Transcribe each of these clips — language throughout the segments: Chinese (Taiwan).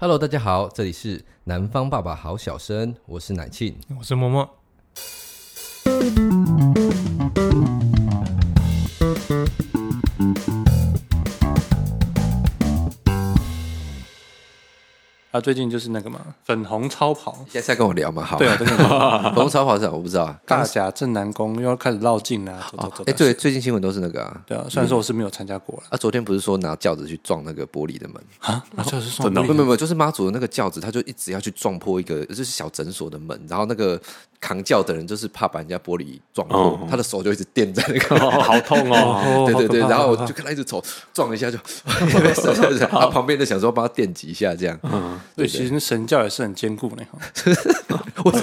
Hello，大家好，這裡是南方爸爸好小生，我是乃慶，我是嬤嬤。最近就是那個嘛，粉紅超跑。現在跟我聊嘛，好。對啊， 粉紅超跑是我不知道啊。大甲鎮瀾宮又要開始繞境啦，走哎，最、哦欸、走最近新聞都是那個啊。對啊，雖然說我是沒有參加過了、嗯。啊，昨天不是說拿轎子去撞那個玻璃的門啊？拿轎子撞玻璃？不不不，就是媽祖的那個轎子，他就一直要去撞破一個就是小診所的門，然後那個。扛轎的人就是怕把人家玻璃撞破，他的手就一直墊在那個，好痛哦！對對對，然後我就看他一直走，撞一下就，他旁邊就想說幫他墊幾下這樣，對，其實神轎也是很堅固的。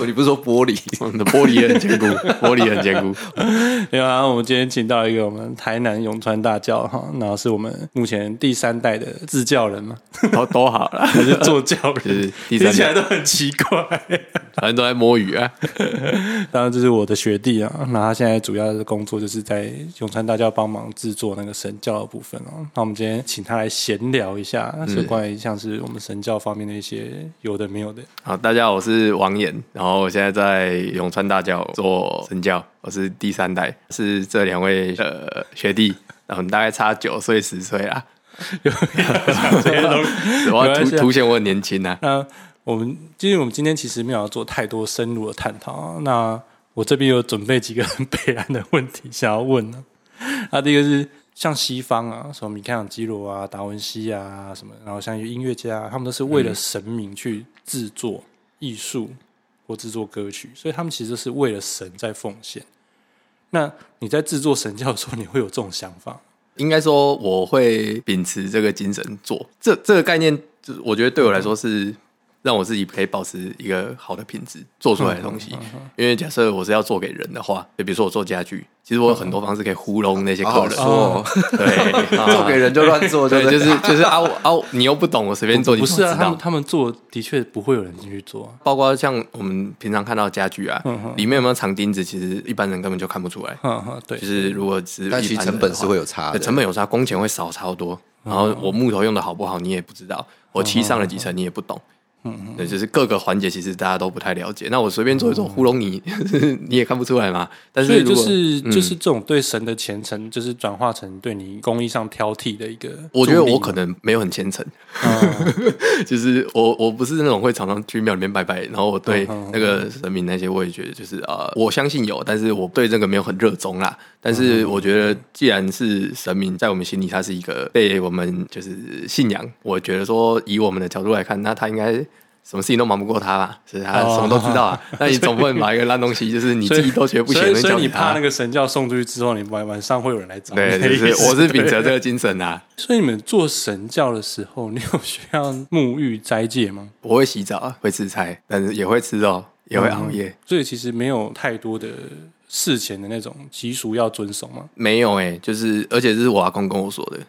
你不是說玻璃？我們的玻璃也很堅固，玻璃很堅固。然後、 啊，我們今天請到一個我們台南永川大轎哈，然後是我們目前第三代的製轎人嘛，哦，都好啦， 還是做轎人，第三聽起來都很奇怪， 反正都在摸魚啊。當然這是我的學弟啊，那他現在主要的工作就是在永川大轎幫忙製作那個神轎的部分哦、啊。那我們今天請他來閒聊一下，是、嗯、關於像是我們神轎方面的一些有的沒有的。好，大家好，我是王延。然後我現在在永川大轎做神轎，我是第三代，是這兩位的、呃、學弟，然後大概差九歲十歲啊，我要突凸顯我很年輕啊。那 呃、我們今天，我們今天其實沒有做太多深入的探討、啊。那我這邊有準備幾個很悲哀的問題想要問呢、啊。那、 啊、第一個是像西方啊，什麼米開朗基羅啊、達文西啊什麼，然後像一個音樂家，他們都是為了神明去制作藝術。嗯或製作歌曲，所以他們其實是為了神在奉獻。那你在製作神轎的時候，你會有這種想法？應該說，我會秉持這個精神做。這這個概念，就是我覺得對我來說是。嗯讓我自己可以保持一個好的品質，做出來的東西，因為假設我是要做給人的話，就比如說我做家具，其實我有很多方式可以糊弄那些客人。對，做給人就亂做，就是就是就是啊，我啊，你又不懂，我隨便做，不是他們他們做的確不會有人進去做。包括像我們平常看到家具啊，裡面有沒有藏釘子，其實一般人根本就看不出來。對，就是如果但其實成本是會有差的，成本有差，工錢會少超多。然後我木頭用的好不好，你也不知道；我漆上了幾層，你也不懂。嗯對，就是各個環節，其實大家都不太了解。那我隨便做一做糊弄你，嗯、哼 你也看不出來嘛。但是，所以就是、嗯、就是這種對神的虔誠，就是轉化成對你工藝上挑剔的一個。我覺得我可能沒有很虔誠，嗯、哼 就是我我不是那種會常常去廟裡面拜拜，然後我對那個神明那些，我也覺得就是啊、嗯呃，我相信有，但是我對這個沒有很熱衷啦。但是我覺得，既然是神明，在我們心裡他是一個被我們就是信仰。我覺得說，以我們的角度來看，那他應該什麼事情都瞞不過他吧？是他什麼都知道啊。那你總不能把一個爛東西，就是你自己都覺得不行 所所所所，所以你怕那個神教送出去之後，你晚晚上會有人來找？對，對，對。我是秉持這個精神啊。所以你們做神教的時候，你有需要沐浴齋戒嗎？我會洗澡啊，會吃菜，但是也會吃肉，也會熬夜。嗯，所以其實沒有太多的。事前的那種習俗要遵守嗎？沒有哎、欸，就是而且這是我阿公跟我說的，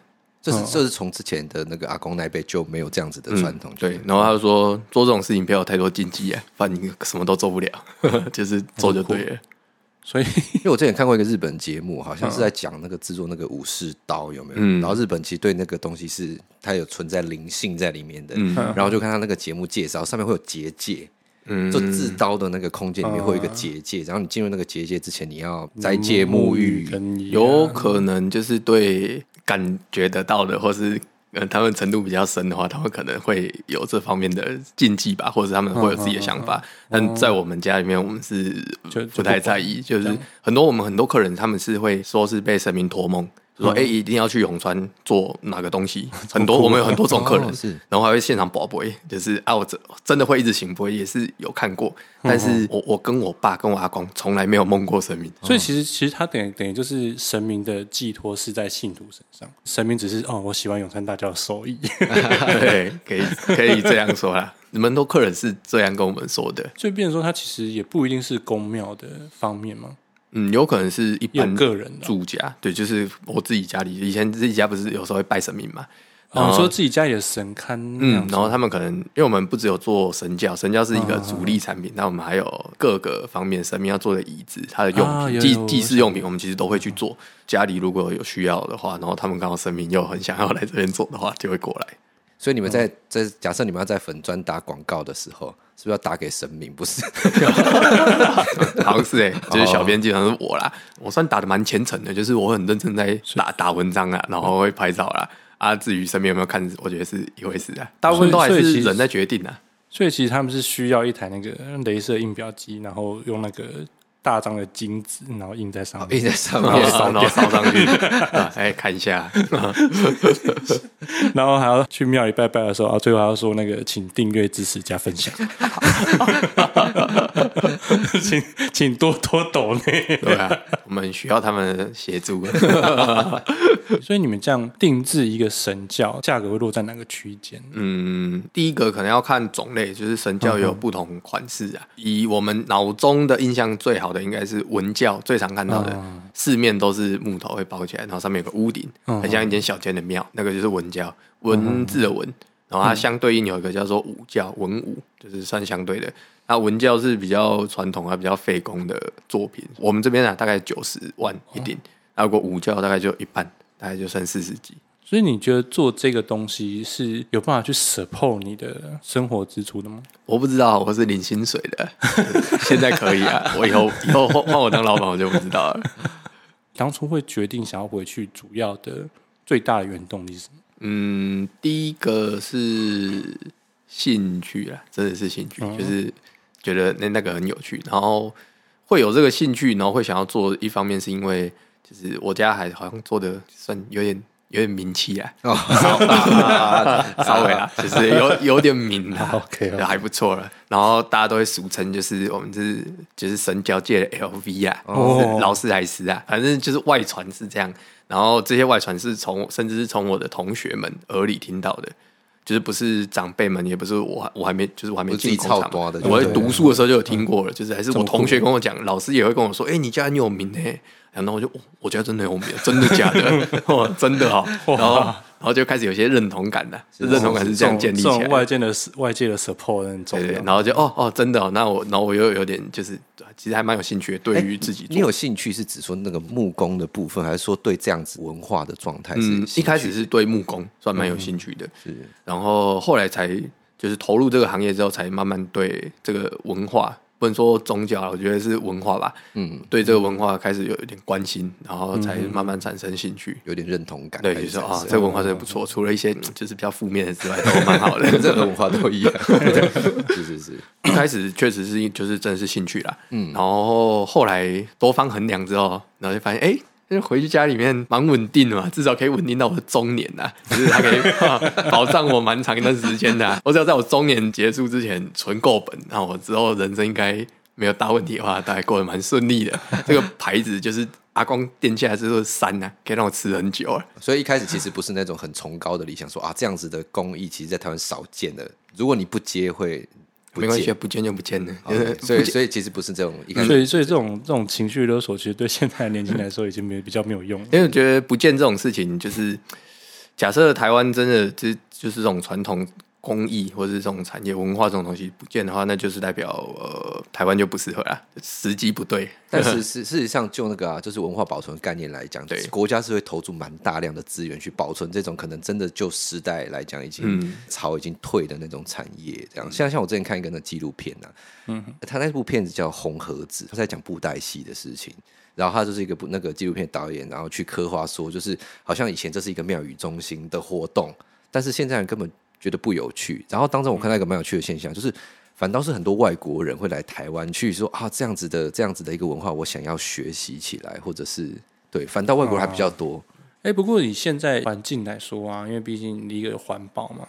這是這、就是從之前的那個阿公那一輩就沒有這樣子的傳統。嗯、對，對然後他就說 做這種事情不要有太多禁忌啊，不然你什麼都做不了， 就是做就對了。所以，因為我之前看過一個日本節目，好像是在講那個製作那個武士刀有沒有？嗯、然後日本其實對那個東西是它有存在靈性在裡面的。嗯、然後就看他那個節目介紹，上面會有結界。嗯，就自刀的那個空間裡面會有一個結界，嗯、然後你進入那個結界之前，你要齋戒沐浴，嗯啊、有可能就是對感覺得到的，或是呃他們程度比較深的話，他們可能會有這方面的禁忌吧，或者他們會有自己的想法。嗯嗯、但在我們家裡面，我們是不太在意，就，就，就是很多我們很多客人他們是會說是被神明托夢。說哎、欸，一定要去永川做哪個東西？很多我們有很多種客人，然後還會現場播。播就是啊，我真真的會一直行播，也是有看過，但是我我跟我爸跟我阿公從來沒有夢過神明。所以其實其實他等於等於就是神明的寄托是在信徒身上，神明只是哦，我喜歡永川大轎的手藝，對，可以可以這樣說啦。你們都客人是這樣跟我們說的，所以變成說他其實也不一定是宮廟的方面嘛嗯，有可能是一般個人住家，哦、對，就是我自己家裡。以前自己家不是有時候會拜神明嘛，然後、哦、說自己家有神龕，嗯，然後他們可能因為我們不只有做神轎，神轎是一個主力產品，那、哦、我們還有各個方面神明要做的椅子、它的用品、哦、有有祭祭祀用品，我們其實都會去做。家裡如果有需要的話，然後他們剛好神明又很想要來這邊做的話，就會過來。所以你們在、嗯、在假設你們要在粉專打廣告的時候，是不是要打給神明？不是， 好像是誒、欸，就是小編經常是我啦，oh, oh, oh. 我算打得蠻虔誠的，就是我很認真在打是打文章啊，然後會拍照啦，啊，至於神明有沒有看，我覺得是一回事啊，大部分都還是人在決定啊所，所以其實他們是需要一台那個鐳射印標機，然後用那個。大張的金紙，然後印在上面，哦、印在上面燒，然後燒上去。哎， 看、欸、一下， 然後還要去廟裡拜拜的時候啊，後最後還要說那個，請訂閱支持加分享， 請請多多抖對啊，我們需要他們協助。 所以你們這樣定製一個神轎，價格會落在哪個區間？嗯，第一個可能要看種類，就是神轎有不同款式啊。嗯、哼以我們腦中的印象最好的。應該是文教最常看到的，四面都是木頭，會包起來，然後上面有個屋頂，很像一間小間的廟，那個就是文教文字的文，然後它相對應有一個叫做武教文武，就是算相對的。那文教是比較傳統、啊，還比較費工的作品，我們這邊呢、啊、大概九十萬一頂，那如果武教大概就一半，大概就算四十幾。所以你覺得做這個東西是有辦法去 support 你的生活支出的嗎？我不知道，我是領薪水的， 現在可以啊，我以後以後換我當老板我就不知道了。當初會決定想要回去，主要的最大的原動力是什麼？嗯，第一個是興趣啦，真的是興趣，嗯、就是覺得那那個很有趣，然後會有這個興趣，然後會想要做。一方面是因為，就是我家還好像做的算有點。有點名氣啊，稍微啦、啊，就是有有點名啦、啊、 ，OK，, okay. 還不錯了。然後大家都會俗稱，就是我們、就是就是神轎界的 LV 啊，勞斯萊斯啊，反正就是外傳是這樣。然後這些外傳是從甚至是從我的同學們耳裡聽到的，就是不是長輩們，也不是我，我還沒，就是我還沒進工廠，我在讀書的時候就有聽過了。嗯、就是還是我同學跟我講，老師也會跟我說，哎、欸，你家你有名呢、欸。然後我就，哦、我覺得真的有，真的假的？哦、真的哈、哦。哦、然後，然後就開始有些認同感的，認同感是這樣建立起來。這外界的、外界的 support 對對然後就，哦哦，真的，哦，那我，然後我又有，有點，就是其實還蠻有興趣。對於自己，誒、你有興趣是指說那個木工的部分，還是說對這樣子文化的狀態是、嗯、一開始是對木工算蠻有興趣的。是、嗯，然後後來才就是投入這個行業之後，才慢慢對這個文化。不能說宗教了，我覺得是文化吧。嗯，對這個文化開始有有點關心，然後才慢慢產生興趣，嗯、有點認同感。對，就說啊，這個文化真的不錯。嗯、除了一些就是比較負面的之外，嗯、都蠻好的。任何 文化都一樣。 對是是是，一開始確實是就是真的是興趣啦。嗯，然後後來多方衡量之後，然後就發現哎。欸就回去家裡面蠻穩定的嘛，至少可以穩定到我的中年吶、啊，就是他可以保障我蠻長一段時間的、啊。 我只要在我中年結束之前存夠本，那我之後人生應該沒有大問題的話，大概過得蠻順利的。這個牌子就是阿光電器，還、就是說三呢，可以讓我吃很久。所以一開始其實不是那種很崇高的理想，說啊這樣子的工藝其實在台灣少見的。如果你不接會。不沒關係，不見就不見了。哦、所以，見所以其實不是這種一看。所以，所以這種這種情緒勒索，其實對現在的年輕來說已經沒 比較沒有用。因為我覺得不見這種事情，就是假設台灣真的就就是這種傳統。工藝或者是這種產業文化這種東西不見的話，那就是代表呃台灣就不適合啊，時機不對。呵呵但是，事事實上，就那個啊，就是文化保存的概念來講，對國家是會投注蠻大量的資源去保存這種可能真的就時代來講已經潮、嗯、已經退的那種產業。這樣像像我之前看一個那紀錄片啊，嗯哼，他那部片子叫《紅盒子》，他在講布袋戲的事情。然後他就是一個那個紀錄片導演，然後去刻畫說，就是好像以前這是一個廟宇中心的活動，但是現在根本。覺得不有趣，然後當中我看到一個蠻有趣的現象，嗯、就是反倒是很多外國人會來台灣去說啊，這樣子的這樣子的一個文化，我想要學習起來，或者是對，反倒外國人還比較多。哎、啊欸，不過以現在環境來說啊，因為畢竟第一個有環保嘛，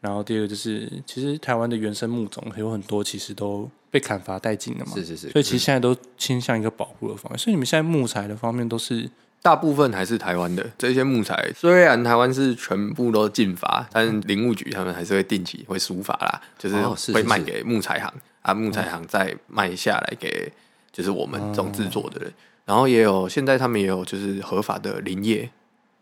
然後第二個就是其實台灣的原生木種有很多，其實都被砍伐殆盡了嘛，是是是，所以其實現在都傾向一個保護的方面，所以你們現在木材的方面都是。大部分還是台灣的這些木材，雖然台灣是全部都禁伐，但林務局他們還是會定期會疏伐啦，就是會賣給木材行，哦、是是啊，木材行再賣下來給就是我們這種製作的人。嗯、然後也有，現在他們也有就是合法的林業。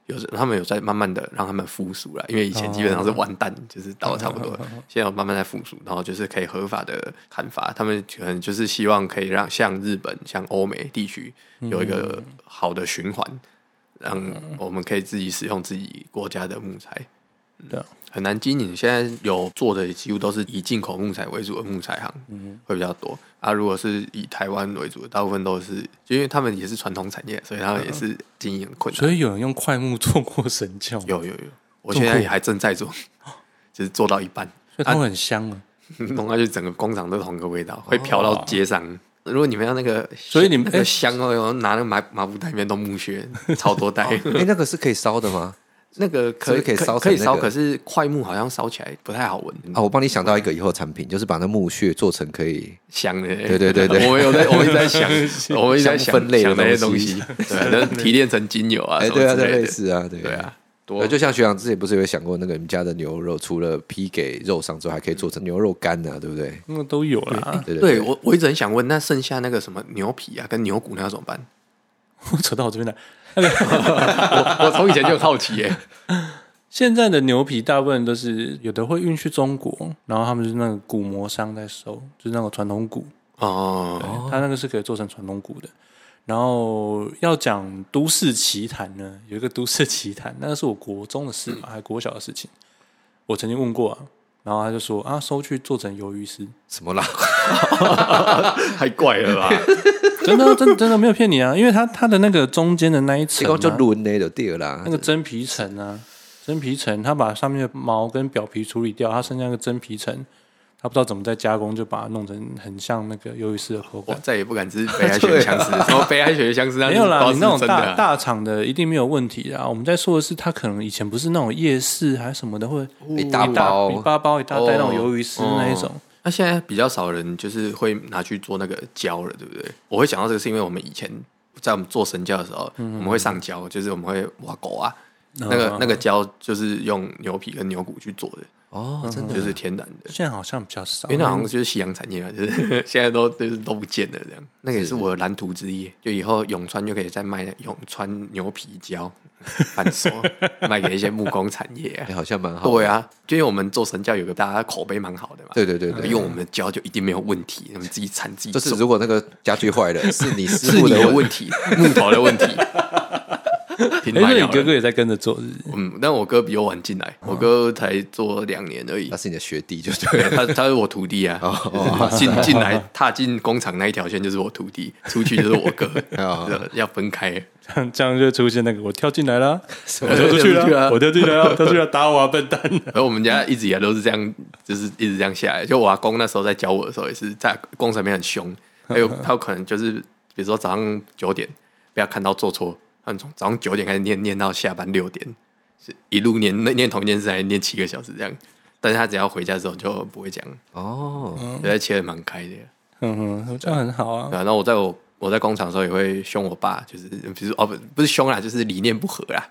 有，他們有在慢慢的讓他們復甦了，因為以前基本上是完蛋，oh、就是倒了差不多。Oh、現在慢慢在復甦，然後就是可以合法的砍伐，他們可能就是希望可以讓像日本、像歐美地區有一個好的循環，讓我們可以自己使用自己國家的木材。對，很難經營。現在有做的也幾乎都是以進口木材為主的木材行，會比較多。啊，如果是以台灣為主，大部分都是，因為他們也是傳統產業，所以他們也是經營困難。所以有人用檜木做過神轎？有有有，我現在也還正在做，就是做到一半。所以他們很香啊，弄完就整個工廠都同一個味道，會飄到街上。如果你們要那個，所以你們要香哦，有人拿那個麻麻布袋，裡面都木屑，超多袋。哎，那個是可以燒的嗎？那個可以可以燒，可以燒，可是，塊木好像燒起來不太好聞啊。我幫你想到一個以後產品，就是把那木屑做成可以香的。對對對，我們有在，我在想，我有在想分類那些東西，能提煉成精油啊，對啊，類似啊，對啊。就像學長之前不是有想過，那個你們家的牛肉除了批給肉上之外還可以做成牛肉乾呢，對不對？那都有啦。對，我我一直很想問，那剩下那個什麼牛皮啊，跟牛骨那要怎麼辦？我扯 到我這邊來， 我從以前就很好奇耶、欸。 現在的牛皮大部分都是有的會運去中國，然後他們就是那個鼓磨商在收，就是那個傳統鼓哦。他那個是可以做成傳統鼓的。然後要講都市奇談呢，有一個都市奇談，那個是我國中的事，嗯、還國小的事情。我曾經問過、啊，然後他就說啊，收去做成魷魚絲，什麼啦？ 太怪了吧？ 真的真的真的沒有騙你啊，因為它它的那個中間的那一層叫輪那個真皮層啊，真皮層，它把上面的毛跟表皮處理掉，它剩下一個真皮層，它不知道怎麼再加工，就把它弄成很像那個魷魚絲的口感、哦，再也不敢吃北海鱈魚香絲， 啊、什麼北海鱈魚香絲沒有啦，你那種大大廠的一定沒有問題啊。我們在說的是，它可能以前不是那種夜市還什麼的會一大、欸、大包一包一大袋那種魷魚絲那一種。哦嗯那、啊、現在比較少人就是會拿去做那個膠了，對不對？我會想到這個是因為我們以前在我們做神轎的時候，嗯嗯我們會上膠，就是我們會挖狗啊，那個嗯嗯那個膠就是用牛皮跟牛骨去做的。哦，真的就是天然的，現在好像比較少，原來好像就是夕陽產業，就是現在都都不見了這樣。那個也是我的藍圖之一，就以後永川就可以再賣永川牛皮膠板鎖，賣給一些木工產業，好像蠻好。對啊，就因為我們做神轎有個大家口碑蠻好的嘛，對對對對，用我們的膠就一定沒有問題，我們自己產自己。就是如果那個家具壞了，是你師傅的問題，木頭的問題。因為、欸、你哥哥也在跟着做，是是嗯，但我哥比我晚進來，哦、我哥才做兩年而已。他是你的學弟，就對， 他他是我徒弟啊，進進、哦哦、 來踏進工廠那一條線就是我徒弟， 出去就是我哥， 要分開，這樣,這樣就出現那個我跳進來了，我跳進來啦出去了，我跳進、啊啊、 來、啊，他就要打我啊，笨蛋、啊。而 我們家一直以來都是這樣，就是一直這樣下來。就我阿公那時候在教我的時候，也是在工廠裡面很凶，還有他有可能就是比如說早上九點被他看到做錯。從早上九點開始念，念到下班六點。是一路念那，念同一件事，還念七個小時這樣。但是他只要回家之後就不會講哦，覺得切得蠻開的，嗯哼，這樣很好啊。然後我在我，我在工廠的時候也會凶我爸，就是比如哦，不不是凶啦，就是理念不合啦，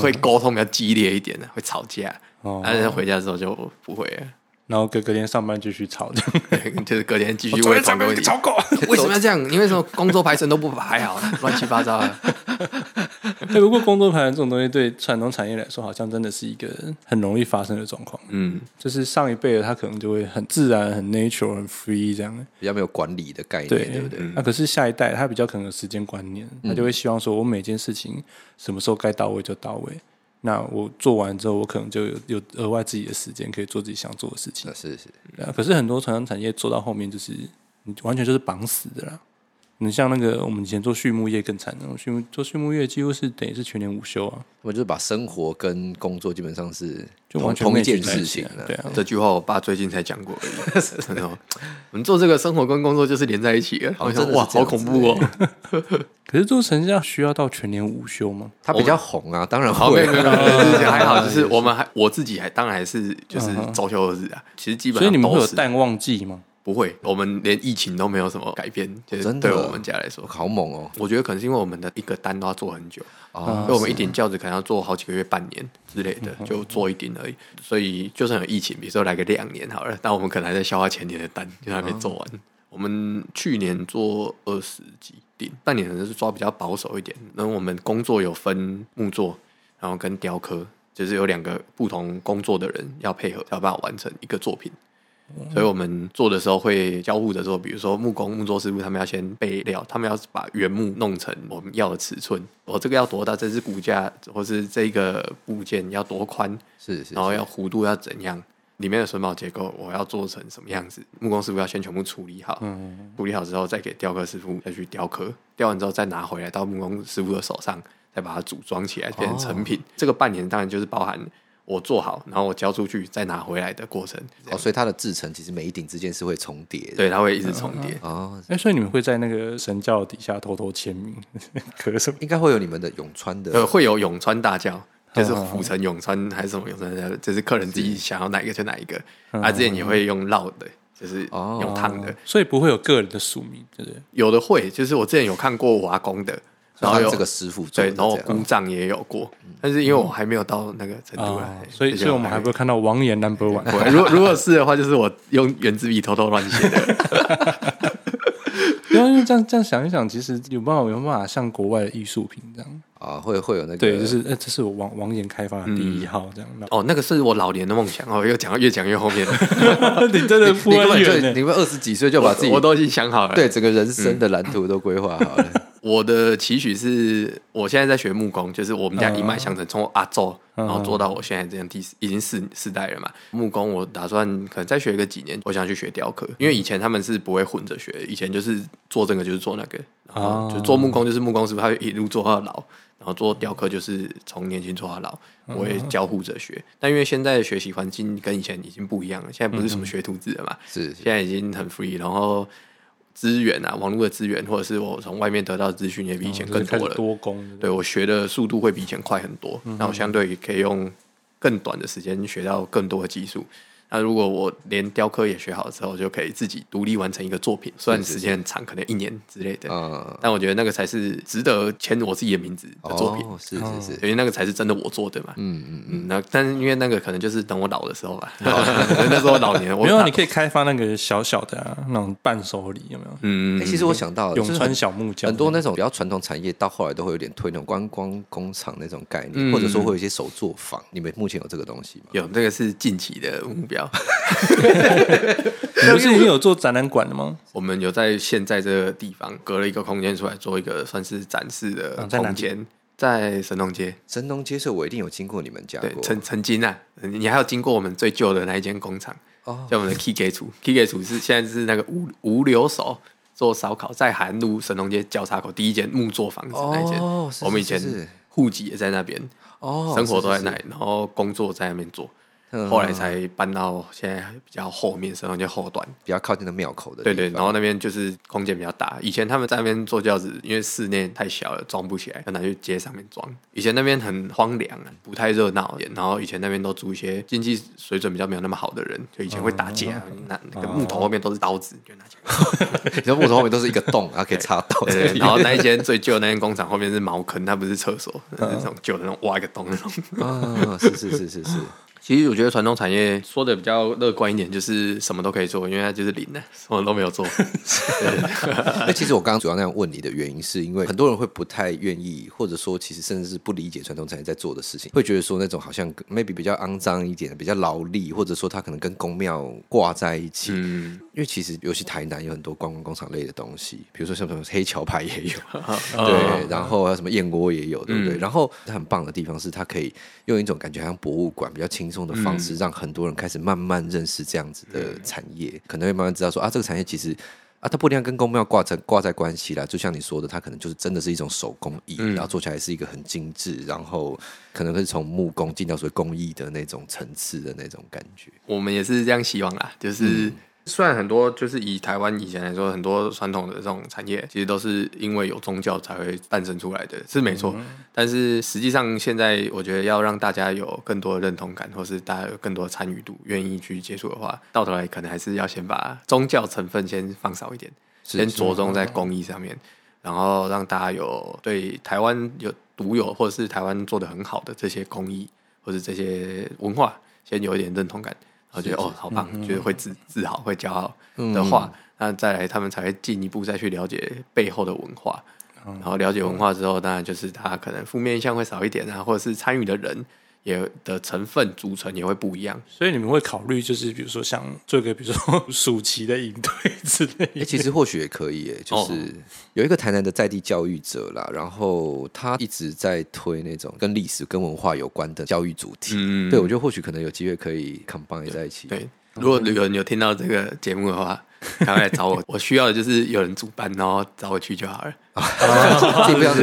會溝通比較激烈一點的，會吵架。哦，但是回家之後就不會。然後隔，隔天上班繼續吵，就是隔天繼續會吵，吵狗為什麼要這樣？你為什麼工作排程都不排好，亂七八糟的？ 如果工作排程這種東西，對傳統產業來說，好像真的是一個很容易發生的狀況。嗯，就是上一輩的他可能就會很自然、很 natural、很 free 這樣比較沒有管理的概念，對不對？那、嗯啊、可是下一代他比較可能有時間觀念，他就會希望說我每件事情什麼時候該到位就到位。嗯、那我做完之後，我可能就有額外自己的時間可以做自己想做的事情。啊、是是。可是很多傳統產業做到後面，就是完全就是綁死的了。你像那個我們以前做畜牧業更慘，那種畜牧做畜牧業幾乎是等於是全年無休啊。我就是把生活跟工作基本上是就完全同一件事情。對啊，這句話我爸最近才講過而已。 我們做這個生活跟工作就是連在一起，好像、oh, 真的是哇，好恐怖哦。 可是做神轎需要到全年無休嗎？他比較紅啊，當然會。Oh, 還好， 就是我們還我自己還當然還是就是週休日子，啊。Uh huh、其實基本上，所以你們會有淡旺季嗎？不會，我們連疫情都沒有什麼改變，就是對我們家來說，真的好猛哦！我覺得可能是因為我們的一個單都要做很久，因為、哦、我們一頂轎子可能要做好幾個月、半年之類的，是就做一頂而已。所以就算有疫情，比如說來個兩年好了，但我們可能還在消化前年的單，就還沒做完。嗯、我們去年做二十幾頂，半年可能是抓比較保守一點。然後我們工作有分木作，然後跟雕刻，就是有兩個不同工作的人要配合，才有辦法完成一個作品。所以我們做的時候會交互著做，比如說木工，木作師傅，他們要先備料，他們要把原木弄成我們要的尺寸。我這個要多大？這是骨架，或是這個部件要多寬？是，然後要弧度要怎樣？是是是，裡面的榫卯結構我要做成什麼樣子？木工師傅要先全部處理好，嗯嗯嗯，處理好之後再給雕刻師傅再去雕刻，雕完之後再拿回來到木工師傅的手上，再把它組裝起來變成成成品。哦，這個半年當然就是包含，我做好，然後我交出去，再拿回來的過程。哦，所以它的製程其實每一頂之間是會重疊，對，它會一直重疊。哦、嗯嗯嗯，所以你們會在那個神轎底下偷偷簽名，可是應該會有你們的永川的，呃、嗯，會有永川大轎，就是府城永川還是什麼永川大轎。嗯嗯、就是客人自己想要哪一個就哪一個。他、嗯嗯啊、之前也會用烙的，就是用燙的，所以不會有個人的署名，嗯、有的會，就是我之前有看過華工的。然後有這個師傅，對，然後工匠也有過，但是因為我還沒有到那個程度，所以所以我們還不如看到王延 number one。如如果是的話，就是我用原子筆偷偷亂寫的。因為這樣這樣想一想，其實有辦法，有辦法像國外的藝術品這樣啊，會會有那對，就是哎，這是我王王延開發的第一號這樣哦，那個是我老年的夢想哦。又講越，越講越後面，你真的不你們就你們二十幾歲就把自己我都已經想好了，對，整個人生的藍圖都規劃好了。我的期許是，我現在在學木工，就是我們家一脈相承，從、uh oh. 阿祖，然後做到我現在這樣，第四已經四四代了嘛。Uh huh. 木工我打算可能再學一個幾年，我想去學雕刻，因為以前他們是不會混着學，以前就是做這個就是做那個，然後就做木工就是木工師傅，是不是一路做到老？然後做雕刻就是從年輕做到老，我也交互着學。Uh huh. 但因為現在的學習環境跟以前已經不一樣了，現在不是什麼學徒制了嘛，是、uh huh. 現在已經很 free，然後。資源啊，網絡的資源，或者是我從外面得到的資訊也比以前更多了。對，我學的速度會比以前快很多，那我相對於可以用更短的時間學到更多的技術。那如果我連雕刻也學好之後，就可以自己獨立完成一個作品，雖然時間很長，可能一年之類的，嗯，但我覺得那個才是值得簽我自己的名字的作品。是是是，因為那個才是真的我做的嘛。嗯嗯嗯。那但是因為那個可能就是等我老的時候吧，那時候我老年。沒有，你可以開發那個小小的那種伴手禮，有沒有？嗯嗯。其實我想到永川小木匠，很多那種比較傳統產業，到後來都會有點推動那種觀光工廠那種概念，或者說會有一些手作坊。你們目前有這個東西嗎？有，這個是近期的目標。你不是已經有做展覽館的嗎？我們有在現在這個地方隔了一個空間出來做一個算是展示的空間，在神農街。神農街是，我一定有經過你們家，對，曾曾經啊，你還有經過我們最舊的那一間工廠，叫我們的 K K 廚。K K 廚是現在是那個吳吳留手做燒烤，在韓路神農街交叉口第一間木作房子那間，我們以前是戶籍也在那邊，哦，生活都在那裡，然後工作在那邊做。嗯啊、後來才搬到現在比較後面，稍微就後段比較靠近的廟口的。對，對對，然後那邊就是空間比較大。以前他們在那邊做轎子，因為室內太小了，裝不起來，要拿去街上面裝。以前那邊很荒涼啊，不太熱鬧一點。然後以前那邊都租一些經濟水準比較沒有那麼好的人，就以前會打架，拿、嗯、那,那個木頭後面都是刀子，嗯、就拿去。你說木頭後面都是一個洞，然後、 啊、可以插刀。然後那一間最舊那間工廠後面是茅坑，它不是廁所，那、嗯、種舊的那種挖一個洞那種、嗯。啊、嗯嗯，是是是是是,是。其實我覺得傳統產業說的比較樂觀一點，就是什麼都可以做，因為它就是零的、啊，什麼都沒有做。那 其實我剛剛主要那樣問你的原因，是因為很多人會不太願意，或者說其實甚至是不理解傳統產業在做的事情，會覺得說那種好像 maybe 比較骯髒一點，比較勞力，或者說它可能跟宮廟掛在一起。嗯，因為其實尤其台南有很多觀光、光工廠類的東西，比如說像什麼黑橋牌也有，哦、對，然後還有什麼燕窩也有，對不對？嗯、然後它很棒的地方是，它可以用一種感覺好像博物館，比較輕。這種的方式讓很多人開始慢慢認識這樣子的產業，嗯、可能會慢慢知道說啊，這個產業其實啊，它不一定要跟宮廟掛在掛在關係啦。就像你說的，它可能就是真的是一種手工藝，嗯、然後做起來是一個很精緻，然後可能會從木工進到所謂工藝的那種層次的那種感覺。我們也是這樣希望啦，就是、嗯。雖然很多就是以台灣以前來說，很多傳統的這種產業，其實都是因為有宗教才會誕生出來的，是沒錯。嗯、但是實際上，現在我覺得要讓大家有更多的認同感，或是大家有更多的參與度，願意去接觸的話，到頭來可能還是要先把宗教成分先放少一點，是是先着重在工藝上面，嗯、然後讓大家有對台灣有獨有，或者是台灣做得很好的這些工藝，或者這些文化，先有一點認同感。我覺得是是哦，好棒，嗯嗯覺得會自自豪、會驕傲的話，嗯、那再來他們才會進一步再去了解背後的文化，嗯、然後了解文化之後，嗯、當然就是他可能負面印象會少一點啊，或者是參與的人。也的成分組成也會不一樣，所以你們會考慮就是，比如說像做個比如說暑期的營隊之類。哎、欸，其實或許也可以耶，就是有一個台南的在地教育者啦，哦、然後他一直在推那種跟歷史跟文化有關的教育主題。嗯、對，我覺得或許可能有機會可以 combine 對在一起。對，如果旅遊，你有聽到這個節目的話，然後來找我，我需要的就是有人主辦，然後找我去就好了。我覺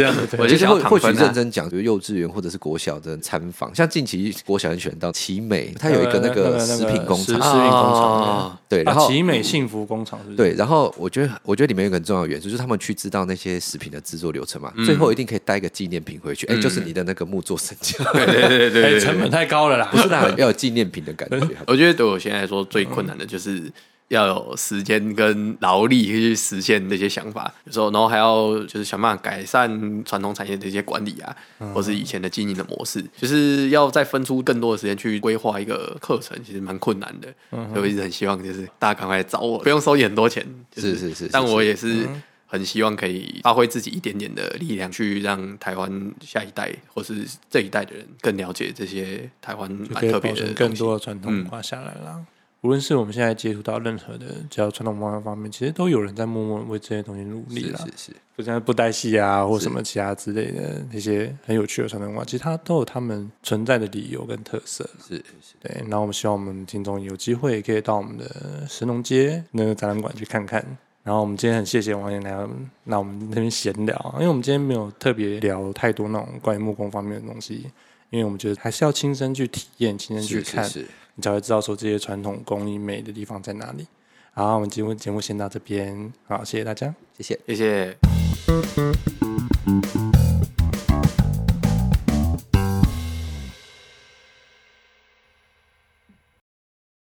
得或許認真講，就幼稚園或者是國小的參訪，像近期國小很喜歡到奇美，他有一個那個食品工廠，食品工廠對，然後奇美幸福工廠是不是？對，然後我覺得我覺得裡面有個很重要的元素，就是他們去知道那些食品的製作流程嘛，最後一定可以帶一個紀念品回去，哎，就是你的那個木作神像，對對對對，成本太高了啦，不是啦，要有紀念品的感覺。我覺得對我現在來說最困難的就是。要有時間跟勞力去實現這些想法，有時候，然後還要就是想辦法改善傳統產業的一些管理啊，嗯、哼或是以前的經營的模式，就是要再分出更多的時間去規劃一個課程，其實蠻困難的。嗯、哼所以我一直很希望就是大家趕快來找我，不用收你很多錢。就是、是，是，是是是，但我也是很希望可以發揮自己一點點的力量，去讓台灣下一代或是這一代的人更了解這些台灣蠻特別的東西，以以更多的傳統化下來了。嗯.無論是我們現在接觸到任何的，只要傳統文化方面，其實都有人在默默為這些東西努力了。不是，是，是，不像是布袋戲啊，或什麼其他之類的是那些很有趣的傳統文化，其實它都有它們存在的理由跟特色。是，是對。然後我們希望我們聽眾有機會可以到我們的神農街那個展覽館去看看。 然後我們今天很謝謝王延來，那我們在那邊閒聊，因為我們今天沒有特別聊太多那種關於木工方面的東西，因為我們覺得還是要親身去體驗，親身去看。是是是是你才會知道說，這些傳統工藝美的地方在哪裡。好，我們節目節目先到這邊，好，謝謝大家，謝謝，謝謝。